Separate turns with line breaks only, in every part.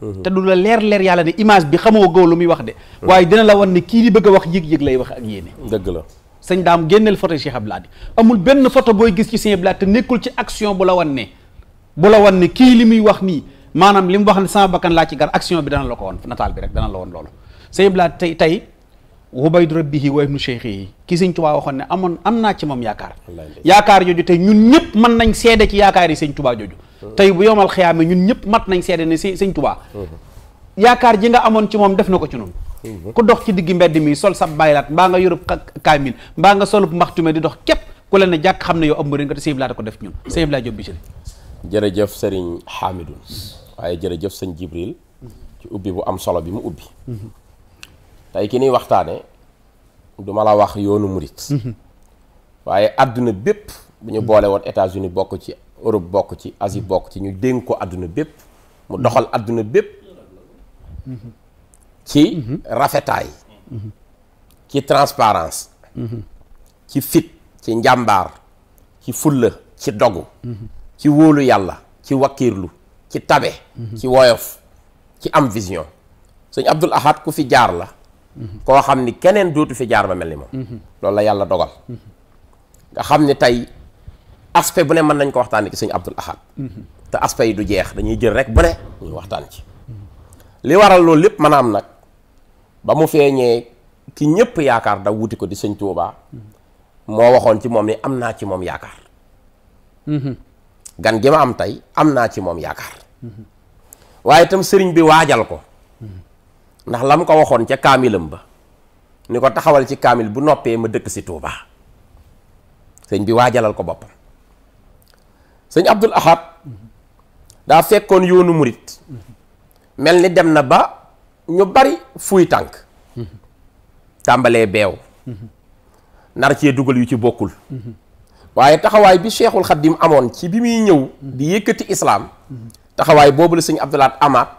Mhm. te du la leer leer yàlla ne image bi xamoo góor lu muy wax de. Mhm. waaye dina la wan ne kii di bëgg a wax yëg-yëg lay wax ak yéene. dëgg la sëñ daam génneel photo Cheikh Abdou Lahad amul benn photo booy gis ci sëñ Abdou Lahad te nekkul ci action bu la wan ne bu la wan ne kii li muy wax nii maanaam li mu wax ne sama bakkan laa ci gar action bi dana la ko wan nataal bi rek dana la wan loolu sëñ Abdou tey tey. wabaydu rabbihi wa ibnu cheikhihi ki sëñ tubaa waxoon ne amoon am naa ci moom yaakaar yaakaar jooju tey ñun ñëpp mën nañ seede ci yaakaar yi sëñ tubaa jooju mm-hmm. tey bu yomal xiyaame ñun ñëpp mat nañ seede ne si sëñ tubaa mm-hmm. yaakaar ji nga amoon ci moom def na ko ci noonu mm-hmm. ku dox ci digg mbedd mi sol sa baylaat mbaa nga yorub kaamil mbaa nga solub mbaxtume di dox képp ku leen ne jàkk xam ne yow am nga te sëñ Blaye ko def ñun sëñ Blaye Diop Bichri
jërëjëf sëriñ Hamidou waaye jërëjëf sëñ Jibril ci ubbi bu am solo bi mu ubbi tey ki ñuy waxtaane duma la wax yoonu murit mhm. waaye àdduna bépp bu ñu boole woon États-Unis bokk ci Europe bokk ci Asie bokk ci ñu dénk ko àdduna bépp mu doxal àdduna bépp mhm. ci mhm. rafetaay ci transparence ci fit ci njàmbaar ci fulla ci dogu ci wóolu yàlla ci wakkiirlu ci tabe ci woyof ci am vision sëñ Abdul Ahad ku fi jaar la koo xam ni keneen dootu fi jaar ba mel ni moom loolu la yàlla dogal nga xam ni tey aspect bu ne mën nañ ko waxtaanee ci sëñ Abdul Ahad te aspect yi du jeex dañuy jël rek bu ne ñu waxtaan ci li waral loolu lépp mën a am nag ba mu feeñee ki ñëpp yaakaar da wuti ko di sëñ Tuubaa moo waxoon ci moom ni am naa ci moom yaakaar gan gi ma am tey am naa ci moom yaakaar waaye itam sëriñ bi waajal ko ndax la lam ko waxoon ca kaamilam ba ni ko taxawal ci kaamil bu noppee ma dëkk si Touba sëñ bi waajalal ko boppam sëñ Abdul Ahad daa fekkoon yoonu murit mel ni dem na ba ñu bari fuy tànk tàmbalee beew nar cee dugal yu ci bokkul waaye taxawaay bi Cheikhul Khadim amoon ci bi muy ñëw di yëkkati islaam taxawaay boobu la sëñ Abdul Ahad amaat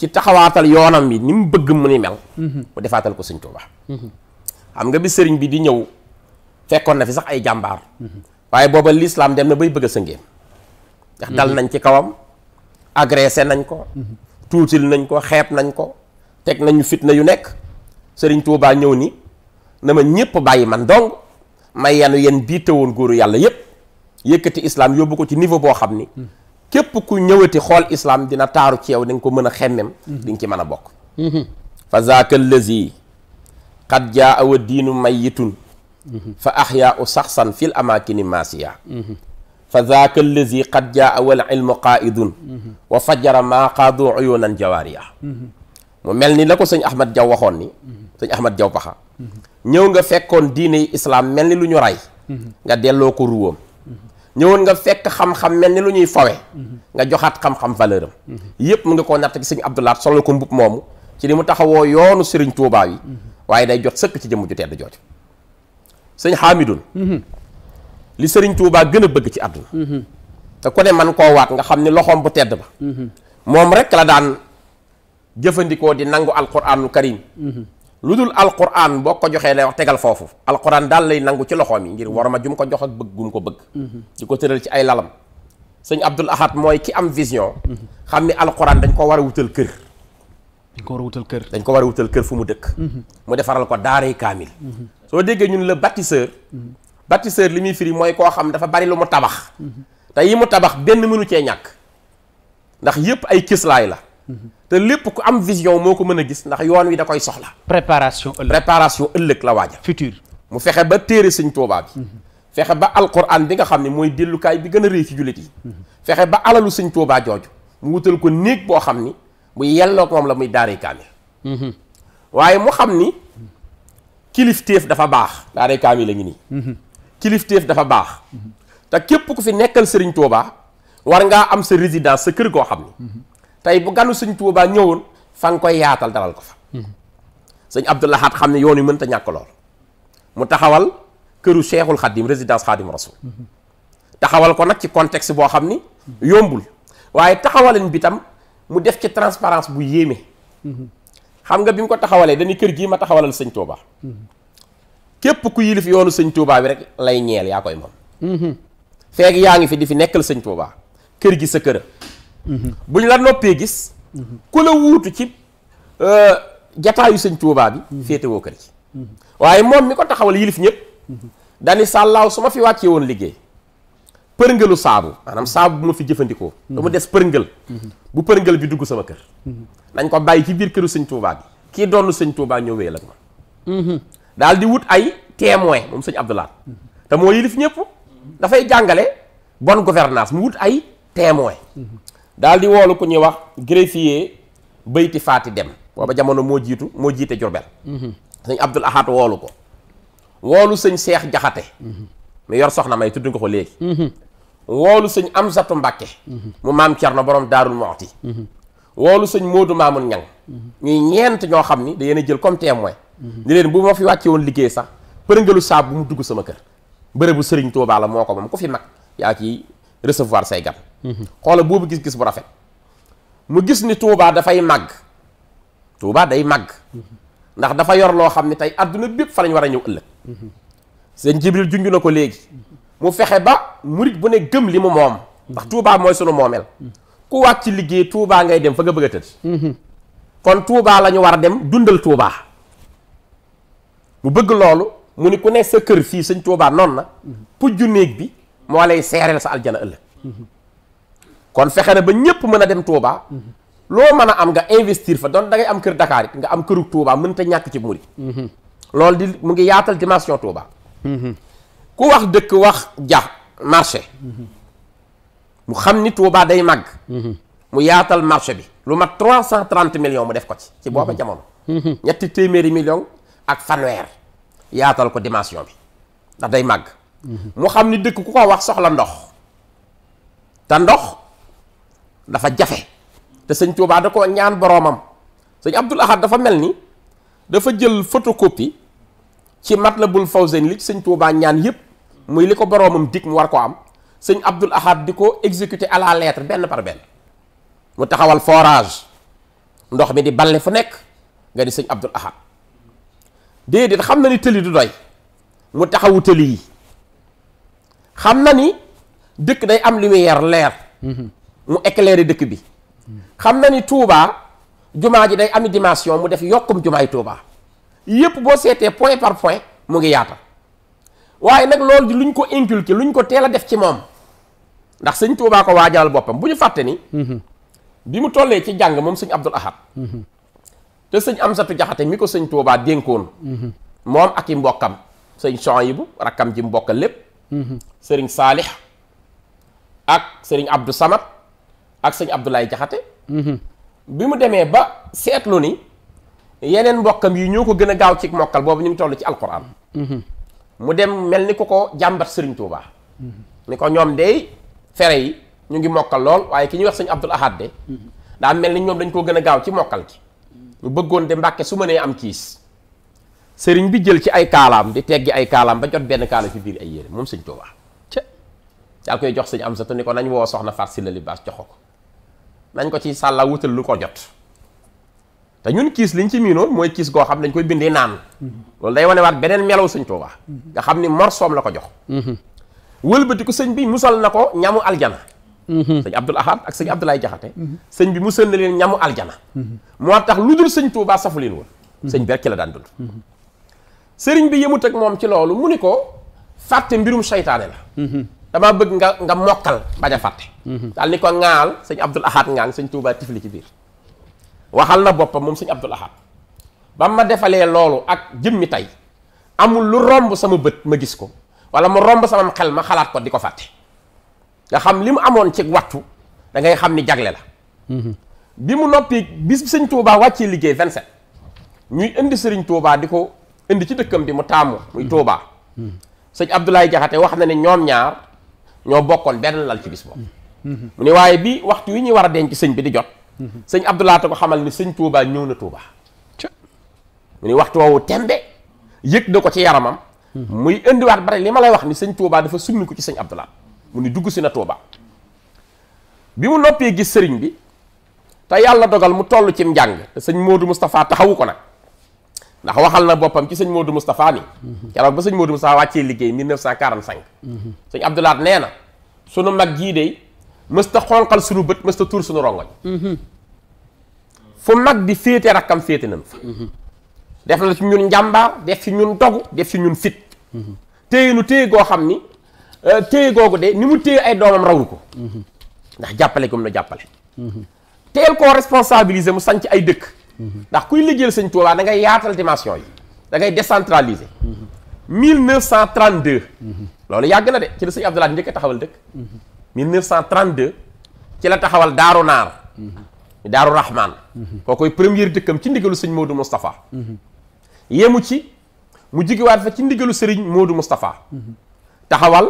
ci taxawaatal yoonam yi ni mu bëgg mu ni mel mhm. mu defaatal ko sëñ Tuuba mhm. xam nga bi sëriñ bi di ñëw fekkoon na fi sax ay jàmbaar mhm. waaye booba lislaam dem na bay bëgg a sëngéem ndax dal nañ ci kawam agressé nañ ko tuutil nañ ko xeeb nañ ko teg nañu fitna yu nekk sëriñ Tuuba ñëw ni na ma ñépp bàyyi man dong may yanu yéen te woon góoru yàlla yépp yëkkati islam yóbbu ko ci niveau boo xam ni képp ku ñëwati xool islam dina taaru ci yow ko mën a xemmem di nga ci mën a bokk mhm. fa zaaka allazi qad jaa awa diinu mayitun mhm. fa axyaa u saxsan fil amaakini maasiya mhm. fa zaaka allazi qad jaa awal ilmu qaidun wa fajara maa qaadu uyunan jawaariya mu mel ni la ko sëñ ahmad jaw waxoon ni sëñ ahmad jaw paxa ñëw nga fekkoon diine islam mel ni lu ñu rey nga delloo ko ruwam ñëwoon nga fekk xam-xam mel ni lu ñuy fawe mhm. nga joxaat xam-xam valeur am mhm. yëpp mu nga koo natt ci sëñ Abdou Lahad solal ko mbub moomu ci li mu taxawoo yoonu sëriñ Tuubaa yi mhm. waaye day jot sëkk ci jëmm ju tedd jooju sëñ Xaamidun li sëriñ Tuubaa gën a bëgg ci àdduna te ku ne man koo waat nga xam ni loxoom bu tedd ba moom rekk la daan jëfandikoo di nangu alquraanul karim lu dul alquran boo ko joxee lay wax tegal foofu alquran daal lay nangu ci loxoom yi ngir mm-hmm. war ma jum ko jox ak bëgg gum ko bëgg mm-hmm. di ko tëral ci ay lalam sëñ Abdul Ahad mooy ki am vision mm-hmm. xam ni alquran dañ ko war a wutal kër dañ ko war a wutal kër dañ ko war a wutal kër fu mu dëkk mu defaral ko daaray kaamil soo déggee ñun la bâtisseur bâtisseur li muy firi mooy koo xam dafa bari lu mu tabax te yi mu tabax benn mënu cee ñàkk ndax yépp ay kislaay la te lépp ku am vision moo ko mën a gis ndax yoon wi da koy soxla.
préparation ëllëg
préparation ëllëg la waajal. futur mu fexe ba téere sañ Tuubaa bi. Mhm. fexe ba alquran bi nga xam ne mooy dellukaay bi gën a réy ci jullit yi. Mhm. fexe ba alalu sëñ Tuubaa jooju mu wutal ko néeg boo xam ni bu yelloog moom la muy daaray kaamil. Mhm. waaye mu xam ni kilifteef dafa baax. daaray kaamil la ñu nii. kilifteef dafa baax. te képp ku fi nekkal sëriñ Tuubaa war ngaa am sa résidence sa kër goo xam ni. tey bu ganu sëñ Tuubaa ñëwoon fa nga koy yaatal dalal ko fa hmm. sëñ Abdul xam ne yoon wi mënta ñàkk lool mu taxawal këru Cheikhul Khadim résidence Khadim Rasoul hmm. taxawal ko nag ci contexte boo xam ni yombul waaye taxawalin bi tam mu def ci transparence bu yéeme hmm. xam nga bi mu ko taxawalee dañu kër gii ma taxawalal sëñ Touba képp ku yilif yoonu sëñ tuubaa bi rek lay ñeel yaa koy
moom
feeg yaa ngi fi di fi nekkal sëñ Touba kër gi sa kër
ñu
la noppee gis ku la wuutu ci euh, jataayu sëñ Tuubaa bi féetewoo kër gi waaye moom mi ko taxawal yilif ñëpp dani sàllaaw su ma fi wàccee woon liggéey përngëlu saabu maanaam saabu bu ma fi jëfandikoo da mu des përngël bu përngël bi dugg sama kër nañ ko bàyyi ci biir këru sëñ Tuubaa bi kii doonu sëñ Tuubaa ñëw wéyal ak man daal di wut ay témoin moom sañ Abdoulaat te moo yilif ñëpp dafay jàngale bonne gouvernance mu wut ay témoin daal di woolu ku ñuy wax greffier ti faati dem booba jamono moo jiitu moo jiite Jurbel mhm. sëñ Abdul Ahad woolu ko woolu sëñ seex jaxate mu mhm. yor soxna may tudd nga ko léegi mhm. woolu sëñ Amsatu Mbàkke mu maam na borom daarul Muxti woolu sëñ Moodu Maamun Ñang ñuy ñeent ñoo xam ni da yéen a jël comme témoin ni leen bu ma fi wàcce woon liggéey sax përëngalu saab bu mu dugg sama kër bërëbu sëriñ Tuubaa moo ko moom ku fi mag yaa ci recevoir say gan xoola boobu gis-gis bu rafet mu gis ni Touba dafay màgg tuubaa day màgg ndax dafa yor loo xam ne tey àdduna bi bépp fa lañ war a ñëw ëllëg seen Jibril junj na ko léegi mu fexe ba murit bu nekk gëm li mu moom ndax Touba mooy sunu moomeel ku wàcc ci liggéey tuubaa ngay dem fa nga bëgg a tëdd kon Touba lañu war a dem dundal Touba mu bëgg loolu mu ni ku nekk sa kër fii sëñ Touba noonu na pujju néeg bi moo lay seereel sa aljana
ëllëg
kon fexe na ba ñëpp mën a dem Touba loo mën a am nga investir fa doon dangay am kër Dakar nga am këru Touba mënta ñàkk ci muri loolu di mu ngi yaatal dimension Touba ku wax dëkk wax ja marché mu xam ni Touba day màgg mu yaatal marché bi lu mat trois cent trent million mu def ko ci ci booba jamono ñetti téeméeri millions ak fanweer yaatal ko dimension bi ndax day màgg mu xam ni dëkk ku ko wax soxla ndox te ndox dafa jafe te sëñ Tuubaa da ko ñaan boroomam sëñ Abdul Ahad dafa mel ni dafa jël photocopie ci Matlabul Fawzayni li sëñ Tuubaa ñaan yépp muy li ko boroomam dig mu war ko am sëñ Abdul Ahad di ko exécuter à la lettre benn par benn mu taxawal forage ndox mi di balle fu nekk nga di sëñ Abdul Ahad déedéet xam na ni tëli du doy mu taxawu tëli yi xam na ni dëkk day am lumière leer mhm. mu éclairer dëkk bi xam na ni Touba jumaa ji day am dimension mu def yokkum jumaay Touba yépp boo seetee point par point mu ngi yaata waaye nag loolu di luñ ko inculquer luñ ko teel a def ci moom ndax sëñ Touba ko waa waajalal boppam bu ñu fàtte ni mhm. bi mu tollee ci jàng moom sëñ Abdul Ahad mhm. te sëñ am Amsatu Jaxate mi ko sëñ Touba dénkoon moom ak i mbokkam sëñ yi bu rakkam ji mbokka lépp Mm-hmm. sëriñ saalix ak sëriñ abdou samad ak sëñ abdoulaye jaxate mm-hmm. bi mu demee ba seetlu ni yeneen mbokkam yi ñoo ko gën a gaaw ci mokkal boobu ñu ngi tollu ci alquran mm-hmm. mu dem mel ni ku ko jàmbat sëriñ Touba. ni ko ñoom dey fere yi ñu ngi mokkal lool waaye ki ñuy wax sëñ abdul ahad de daa mel ni ñoom dañ koo gën a gaaw ci mokkal gi mu bëggoon de mbàkke su ma mënee am kiis sëriñ bi jël ci ay kaalaam di teggi ay kaalaam ba jot benn kaala ci biir ay yére moom sëñ Tuuba ca daal koy jox sëñ Amsatu ni ko nañ woo soxna Faat Sylla Libaas jox ko nañ ko ci sàlla wutal lu ko jot te ñun kiis liñ ci miinoon mooy kiis goo xam dañ koy bindee naan loolu day wane beneen melaw sëñ
nga
xam ni morsoom la ko jox mhm. wëlbati ko sëñ bi musal na ko ñamu aljana mhm. sëñ Abdul Ahad ak sëñ mhm. Abdoulaye Jaxate sëñ bi musal na leen ñamu aljana moo tax lu dul sëñ Tuuba safu leen woon sëñ bi rek ci la daan dund sëriñ bi yëmut ak moom ci loolu mu ni ko fàtte mbirum seytaane la mhm. damaa bëgg nga nga mokkal bañ a fàtte mhm. daal ni ko ŋaal sëñ abdul ahad ŋaang sëñ tuubaa tifli ci biir waxal na boppam moom sëñ abdul ahad ba ma defalee loolu ak jëmmi tey amul lu romb sama bët ma gis ko wala mu romb sama xel ma xalaat ko di ko fàtte nga xam li mu amoon ci wattu dangay xam ni jagle la mhm. bi mu noppi bis sëñ tuubaa wàccee liggéey 27 ñuy indi sëriñ tuubaa di ko indi ci dëkkam bi mu taamu muy mm-hmm. Touba. Mm-hmm. sëñ Abdoulaye jaxate wax na ne ñoom ñaar ñoo bokkoon benn lal ci bis boobu. Mm-hmm. mu ne waaye bi waxtu wi ñuy war a denc sëñ bi di jot. sëñ Abdoulaye te ko xamal ni sëñ Touba ñëw na Touba. mu ne waxtu woowu tembe yëg na ko ci yaramam. muy indiwaat bare li ma lay wax ni sëñ Touba dafa summi ko ci sëñ Abdoulaye mu ni dugg si na Touba. bi mu noppee gis sëriñ bi te yàlla dogal mu toll cim njàng te sëñ moodu Moustapha taxawu ko nag. ndax waxal na boppam ci sëñ Modou Moustapha ni keroog ba sëñ Modou Moustapha wàccee liggéey 1945. sëñ Abdoulaat nee na sunu mag jii de mësta xonqal sunu bët mësta tuur sunu rongoñ fu mag di féete rakkam féete nañ fa def na ci ñun njàmbaar def ci ñun dogu def ci ñun fit téye nu téye goo xam ni euh, téye googu de ni mu téye ay doomam rawu ko ndax jàppale gum na jàppale teel ko responsabiliser mu sanc ay dëkk ndax kuy liggéeyal sëñ Tuubaa da ngay yaatal dimension yi da ngay décentraliser. 1932. loolu yàgg na de ci la sëñ Abdoulaye njëkk a taxawal dëkk. 1932 ci la taxawal Daaru Naar. Daaru koo koy première dëkkam ci ndigalu sëñ Modou Moustapha. yemu ci mu jigiwaat fa ci ndigalu sëriñ Modou Moustapha. taxawal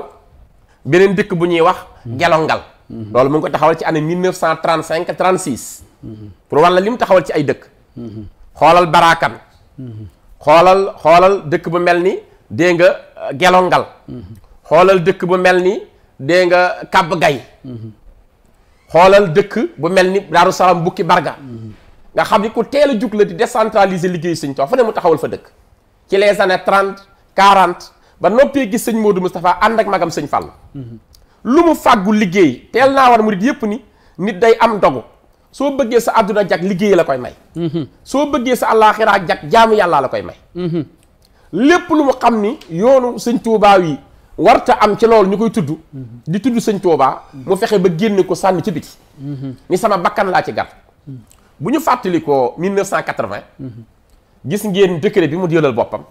beneen dëkk bu ñuy wax. Gelongal. loolu mu ngi ko taxawal ci année 1935 36. pour walla li mu taxawal ci ay dëkk. xoolal baraakan xoolal xoolal dëkk bu mel ni dégg nga euh, gelongal xoolal dëkk bu mel ni dégg nga kàbb gay xoolal dëkk bu mel ni daaru salaam bukki barga nga xam ni ku teel a jug la di décentraliser liggéey sëñ Tuubaa fu ne mu taxawul fa dëkk ci les années trente quarante ba noppee gis sëñ Modou Moustapha ànd ak magam sëñ Fall lu mu fàggu liggéey teel naa war murit yépp ni nit day am dogu soo bëggee sa àdduna jag liggéey la koy may mhm. soo bëggee sa àllaaxiraa jag jaamu yàllaa la koy may mhm. lépp lu mu xam ni yoonu sëñ Tuubaa yi warta am ci loolu ñu koy tudd mhm. di tudd sëñ Tuubaa mu fexe ba génne ko sànn ci biti ni sama bakkan laa ci gar bu ñu fàttali ko 1980 gis ngeen décret bi mu jëlal boppam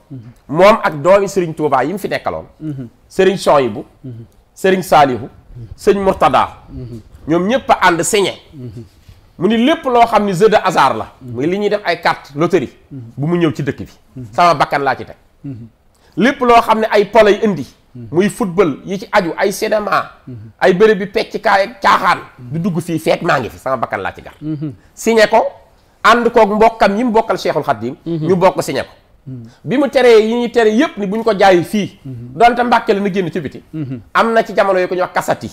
moom ak doomi sëriñ Tuubaa yi mu fi nekkaloon sëriñ Soyibu sëriñ Saalihu sëñ Murtada ñoom ñëpp a ànd signé mu ni lépp loo xam ni jeu de hasard la muy li ñuy def ay carte loterie bu mu ñëw ci dëkk bi sama bakkan laa ci teg lépp loo xam ne ay polay indi muy football yi ci aju ay cinéma ay bërëb bi pecc kaay caaxaan du dugg fii feek maa ngi fi sama bakkan laa ci gar signé ko ànd koog mbokkam yi mu bokkal Cheikhul Khadim ñu bokk signé ko bi mu teree yi ñuy tere yépp ni bu ñu ko jaay fii donte mbàkke la na génn ci biti am na ci jamono yi ko ñu wax kasati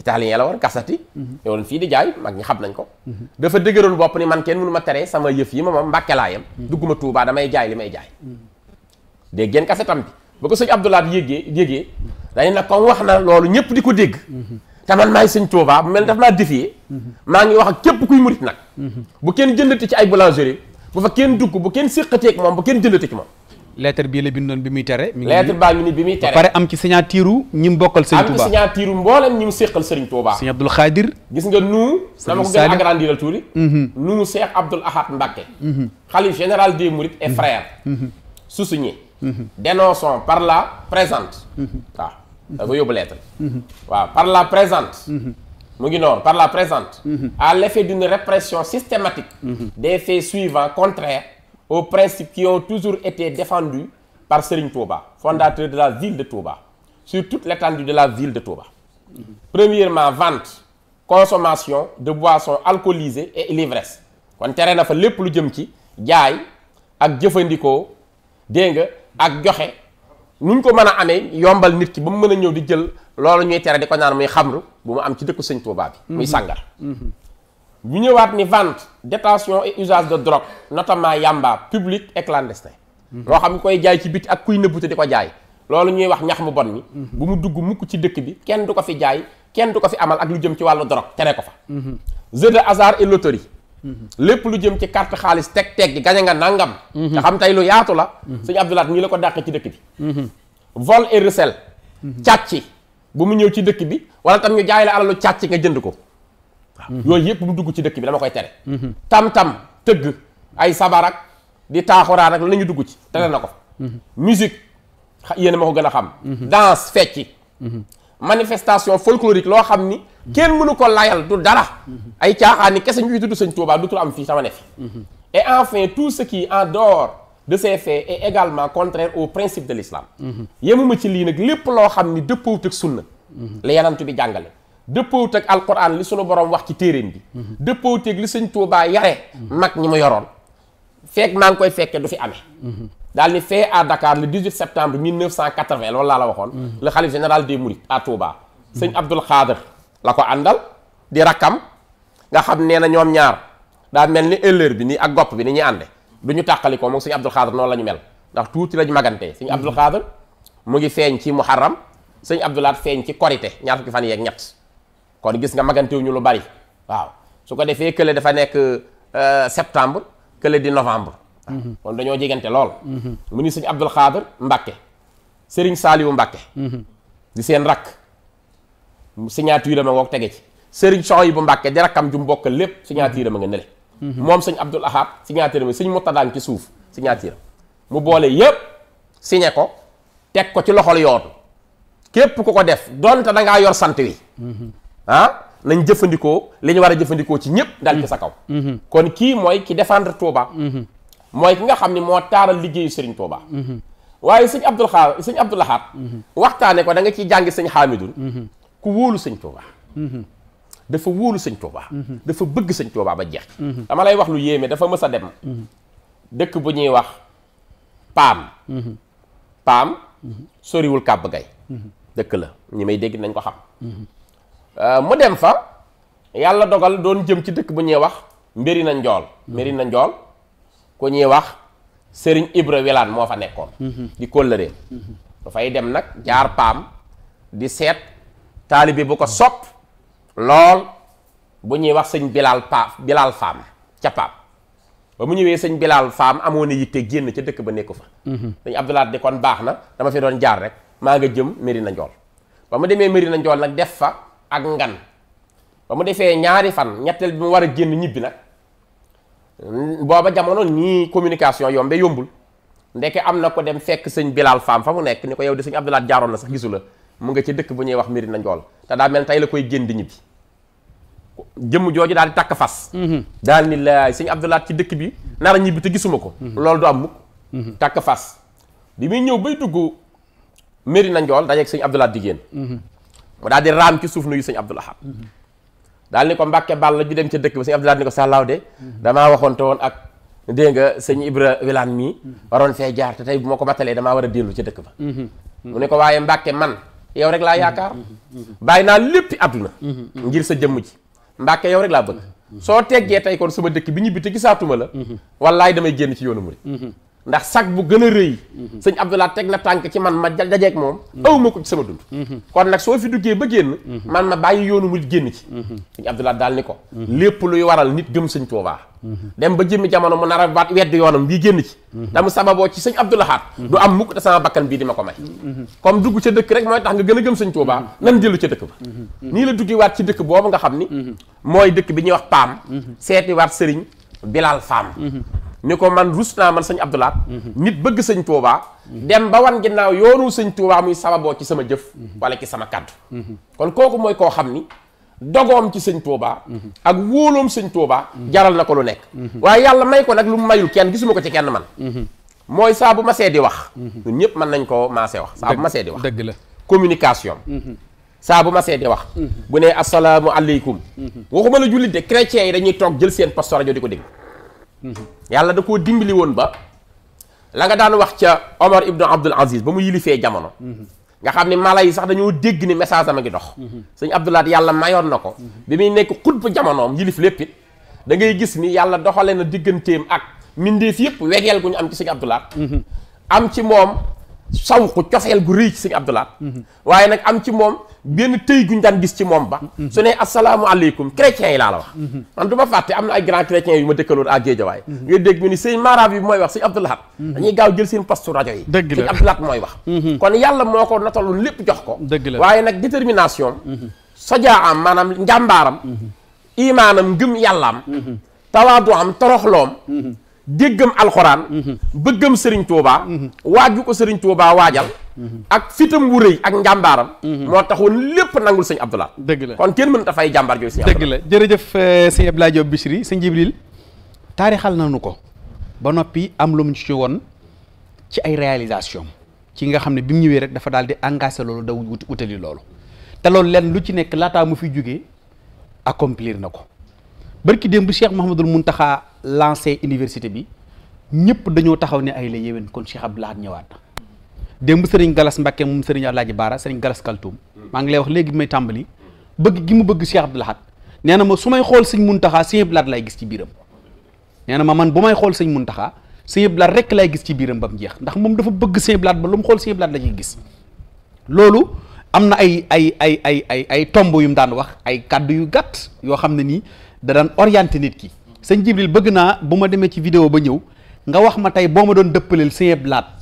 italien la war kasati mhm. ñoo leen fii di jaay mag ñi xam nañ ko mhm. dafa dëgëral bopp ni man kenn mënu ma tere sama yëf yi ma moom mbakkelaayam dugg ma mhm. tuubaa damay jaay li may jaay dégg ngeen kasetam bi ba ko sëñ Abdoulaat yéegee yéegee dañ nag comme wax na loolu ñëpp di ko dégg te man maay sëñ Touba bu mel daf maa défier maa ngi wax ak képp kuy murit nag bu kenn jëndati ci ay boulangerie bu fa kenn dugg bu kenn séqateeg moom bu kenn jëndati ci moom
lettre bii la bindoon bi muy tere. mi ngi lettre baa ngi ni bi muy tere. pare am ci signature ñi mu bokkal Serigne Touba am ci signature mboolem ñi mu seqal Serigne Touba. Serigne Abdoul Khadir.
gis nga nuu. dama ko gën a agrandiral tuuti. Mhm. nuu Cheikh Abdoul Ahad Mbacké. xalif mhm. général des Mourides et mhm. frères. sousigné. dénonçons par la présente. waaw da nga yóbbu lettre. waaw par la présente. mu ngi noonu par la présente. à l'effet d'une répression systématique. des faits suivants contraires. aux principes qui ont toujours été défendus par Serigne Touba, fondateur de la ville de Touba, sur toute l'étendue de la ville de Touba. Premièrement, vente, consommation de boissons alcoolisées et l'ivresse. kon tere na fa lépp lu jëm ci jaay ak jëfandikoo dégg nga ak joxe nuñ ko mën a amee yombal nit ki ba mu mën a ñëw di jël loolu ñuy tere di ko naan muy xamru bu mu am ci dëkku sëñ Touba bi. muy mhm. sàngar. Mhm. bu ñëwaat ni vente détention et usage de drogue notamment yamba public et clandestin mhm. loo xam ne koy jaay ci biti ak kuy nëbbu te di ko jaay loolu ñuy wax ñax mu bon mi mhm. bu mu dugg mukk ci dëkk bi kenn du ko fi jaay kenn du ko fi amal ak lu jëm ci wàllu drogue tere ko fa mhm. jeu de hasard et loterie lépp lu jëm ci carte xaalis teg teg gi gañe nga nangam nga xam tey lu yaatu la sëñ Abdoulaat ñii la ko dàqee ci dëkk bi vol et recel càcc bu mu ñëw ci dëkk bi wala ñu jaay la alalu nga jënd ko Mm-hmm. yooyu yëpp mu dugg ci dëkk bi dama koy tere tam-tam mm-hmm. tëgg ay sabarak di taaxuraan ak la dugg ci tere na ko mm-hmm. musique yéen ma ko gën a xam danse fecci manifestation folklorique loo xam ni kenn mënu ko layal du dara ay caaxaan ni kese ñuy tudd sëñ Tuubaa du tur am fii sama ne fi et enfin tout ce qui en dehors de ces faits est également contraire au principe de l'islam yemuma ci lii nag lépp loo xam ni dëppoowut ak sunna la yanantu bi jàngale dëppoowut ak alquran li sunu boroom wax ci téeréem bi dëppoowut ak li sëñ Tuubaa yare mag ñi ma yoroon fekk maa ngi koy fekke du fi amee daal ni fee à Dakar le 18 septembre 1980 loolu laa la waxoon le xalif général des Mourides à Touba sëñ Abdul Xaadir la ko àndal di rakkam nga xam nee na ñoom ñaar daa mel ni heure bi nii ak gopp bi ni ñuy ànde du ñu tàqali ko moom sëñ Abdul Xaadir noonu la ñu mel ndax tuuti la ñu magantee sëñ Abdul Xaadir mu ngi feeñ ci Muharram sëñ Abdulaat feeñ ci Korite ñaar fukki fan yeeg ñett kon gis nga magantewuñu lu bari waaw su ko defee kële dafa nekk euh, septembre kële di novembre mhm. kon dañoo jegante lool mhm. mu ni sëñ Abdul Xaadir Mbàkke sëriñ Saaliwu Mbàkke mhm. di seen rakk signature ma ngoog tege ci sëriñ Soxayibu Mbàkke di rakkam ju mbokk lépp signature ma nga nele moom sëñ Abdul Ahad signature ma sëñ Murtadaa ci suuf signature mu boole yëpp signé ko teg ko ci loxol yootu képp ku ko def donte dangaa yor sant wi Ah, nañ jëfandikoo li ñu war a jëfandikoo ci ñëpp dal ci sa kaw mm-hmm. kon kii mooy ki défendre Touba mm-hmm. mooy ki nga xam ni moo taaral liggéeyu Serigne Touba mm-hmm. waaye sëñ Abdul Xaar sëñ Abdul Lahat waxtaane ko danga nga ciy jàngi sëñ Xaamidun ku wóolu sëñ Touba dafa wóolu sëñ Touba dafa bëgg sëñ Touba ba jeex dama lay wax lu yéeme dafa mës a dem dëkk bu ñuy wax paam paam soriwul kàbb gay dëkk la ñi may dégg nañ ko xam Euh, mu dem fa yàlla dogal doon jëm ci dëkk bu ñuy wax mbiri na njool mbiri hmm. na njool ku ñuy wax sëriñ Ibra Wilaan moo fa nekkoon hmm. di kóllëreem hmm. dafay dem nag jaar paam di seet taalibe bu ko sopp lool bu ñuy wax sëñ bilaal pa bilaal faam ca paam ba mu ñëwee sëñ bilaal faam amoon na yitte génn ca dëkk ba nekku fa sëñ abdulaat di kon baax na dama fi doon jaar rek maa nga jëm Medina Njool ba mu demee Medina Njool nag def fa ak ngan ba mu defee ñaari fan ñetteel bi mu war a génn ñibbi nag booba jamono nii communication yombe yombul ndeke am na ko dem fekk sëñ Bilal Faam fa mu nekk ni ko yow di sëñ Abdoulaat jaaroon na sax gisu la mu nga ci dëkk bu ñuy wax Mirina Njool te daa mel tey la koy génn di ñibbi jëmm jooju daal di takk fas mhm. daal ni laay sëñ Abdoulaat ci dëkk bi nar a ñibbi te gisuma ko mhm. loolu du am mukk mhm. takk fas bi muy ñëw bay dugg Mirina Njool dajeeg sëñ Abdoulaat di génn mu daal di raam ci suuf nuyu sëñ Abdul Ahad daal ni ko Mbàkke bal la ju dem ca dëkk ba sëñ Abdul Ahad ni ko sàllaaw de damaa waxoon te woon ak dégg nga sëñ Ibra Wilaan mii waroon fee jaar te tey bu ma ko mattalee damaa war a dellu ca dëkk ba mu ne ko waaye Mbàkke man yow rek laa yaakaar bàyyi naa lépp àdduna ngir sa jëmm ci Mbàkke yow rek laa bëgg soo teggee tey kon sama dëkk bi ñibbi te gisaatuma la wallaay damay génn ci yoonu murid ndax sag bu gën a rëy sëñ Abdoulaye teg na tànk ci man ma dajeeg moom aw ma ko ci sama dund kon nag soo fi duggee ba génn man ma bàyyi yoonu mu génn ci sëñ Abdoulaye daal ni ko lépp luy waral nit gëm sëñ Tuubaa dem ba jëmmi jamono mu nar a waat weddi yoonam bii génn ci dama sababoo ci sëñ Abdoulaye Xaat du am mukk te sama bakkan bii di ma ko may comme dugg ca dëkk rek mooy tax nga gën a gëm sëñ Tuubaa nan dellu ca dëkk ba nii la duggi waat ci dëkk boobu nga xam ni mooy dëkk bi ñuy wax paam seeti waat sëriñ Bilal Faam ni ko man rus naa man sëñ Abdoulaat nit bëgg sëñ Touba. dem ba wan ginnaaw yoonu sëñ Touba muy sababoo ci sama jëf wala ci sama kàddu kon kooku mooy koo xam ni dogoom ci sëñ Touba. ak wóoloom sëñ Touba. jaral na ko lu nekk waaye yàlla may ko nag lu mu mayul kenn gisuma ko ci kenn man mooy saa bu ma see di wax ñun ñëpp mën nañ ko maasee wax saa bu ma see di wax dëgg la communication saa bu ma see di wax bu ne asalaamu aleykum waxuma la jullit de chrétiens yi dañuy rajo di ko dégg Mhm. yàlla da koo dimbali woon ba la nga daan wax ca Omar ibnu Abdul Aziz ba mu yilifee jamono mhm. nga xam ne mala yi sax dañoo dégg ni message am a ngi dox mhm. sëñ Abdoulaat yàlla mayoon na ko bi muy nekk xutba jamonoom yilif léppit da ngay gis ni yàlla doxale na digganteem ak mindeef yëpp wegeel gu ñu am ci sëñ Abdoulaat am ci moom sawku cofeel gu rëy ci sëñ Abdoulaat waaye nag am ci moom benn tëy guñ daan gis ci moom ba su ne asalaamualeykum chrétiens yi laa la wax man du ma fàtte am na ay grand chrétiens yu ma dëkkaloon à Géejawaay nga dégg ñu ni sëñ maaraab yi mooy wax sëñ Abdoulahat dañuy gaaw jël seen poste rajo yi dëgg la mooy wax mhm. kon yàlla moo ko nataloon lépp jox ko dëgg la waaye nag détermination sojaa am mhm. maanaam njàmbaaram mhm. imaanam ngëm yàllaam tawaadu am toroxloom déggam alxuraan bëggam sëriñ Tuubaa waaju ko sëriñ Tuubaa waajal ak fitam wu rëy ak njàmbaaram mhm. moo taxoon lépp nangul sëñ Abdoulaat dëgg la kon kenn mënut a fay jàmbaar jooyu sëñ
dëgg la jërëjëf eh, sëñ Abdoulaye Diop Bichri sëñ Jibril taarixal nañu ko ba noppi am lu mu ci woon ci ay réalisation ci nga xam ne bi mu ñëwee rek dafa daal di engagé loolu da wutali loolu te loolu lenn lu ci nekk laataa mu fi jógee accomplir na ko barki démb bu Cheikh Mouhamadul Mountakha lancé université bi ñëpp dañoo taxaw ne ay la yéwén kon Cheikh Abdoulaye ñëwaat na démb sëriñ Galas Mbacke moom sëriñ Alaaji Baara sëriñ Galas Kaltoum maa ngi lay wax léegi bi may tàmbali bëgg gi mu bëgg Cheikh Abdoul Ahad nee na ma su may xool sëñ Muntaxa sëñ Abdoul Ahad lay gis ci biiram nee na ma man bu may xool sëñ Muntaxa sëñ Abdoul Ahad rekk lay gis ci biiram ba mu jeex ndax moom dafa bëgg sëñ Abdoul Ahad ba lu mu xool sëñ Abdoul Ahad la ciy gis loolu am na ay ay ay ay ay ay tomb yu mu daan wax ay kàddu yu gàtt yoo xam ne nii da daan orienté nit ki sëñ Jibril bëgg naa bu ma demee ci vidéo ba ñëw nga wax ma tey boo ma doon dëppaleel sëñ Abdoul Ahad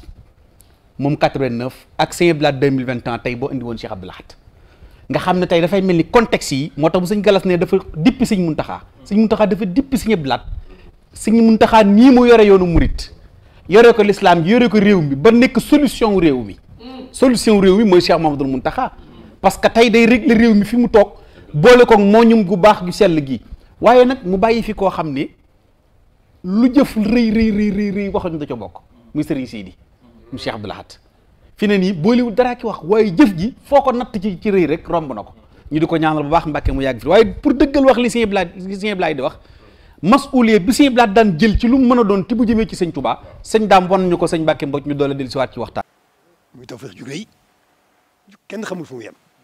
moom 89 ak Sëñ Abdou Lahad 2021 tey boo indi woon nga xam ne tey dafay mel ni contexte yi moo tax bu sëñ Galas ne dafa dippi sëñ Muntaxa mun Muntaxa dafa dippi Sëñ Abdou Lahad sëñ Muntaxa nii mu yore yoonu murit yore ko lislaam ji yore ko réew mi ba nekk solution réew mi solution réew mi mooy Cheikh Mahamadul Muntaxa parce que tey day régler réew mi fi mu toog boole moo mooñum gu baax gi sell gi waaye nag mu bàyyi fi koo xam ne lu jëf rëy rëy rëy rëy waxuñu da ca bokk muy sëriñ Sidi mu Cheikh Abdou Lahad fi ne nii boolewul dara ki wax waaye jëf ji foo ko natt ci ci rëy rek romb na ko ñu di ko ñaanal bu baax Mbàkke mu yàgg fi waaye pour dëggal wax li si Blaay li Sëñ Blaay di wax masuuliye bi si Blaay daan jël ci lu mu mën a doon te bu jëmee ci sëñ Touba sëñ daam won ñu ko sëñ Mbàkke Mbodj ñu doole dellusiwaat ci waxtaan muy tawfeex ju rëy kenn xamul fu mu yem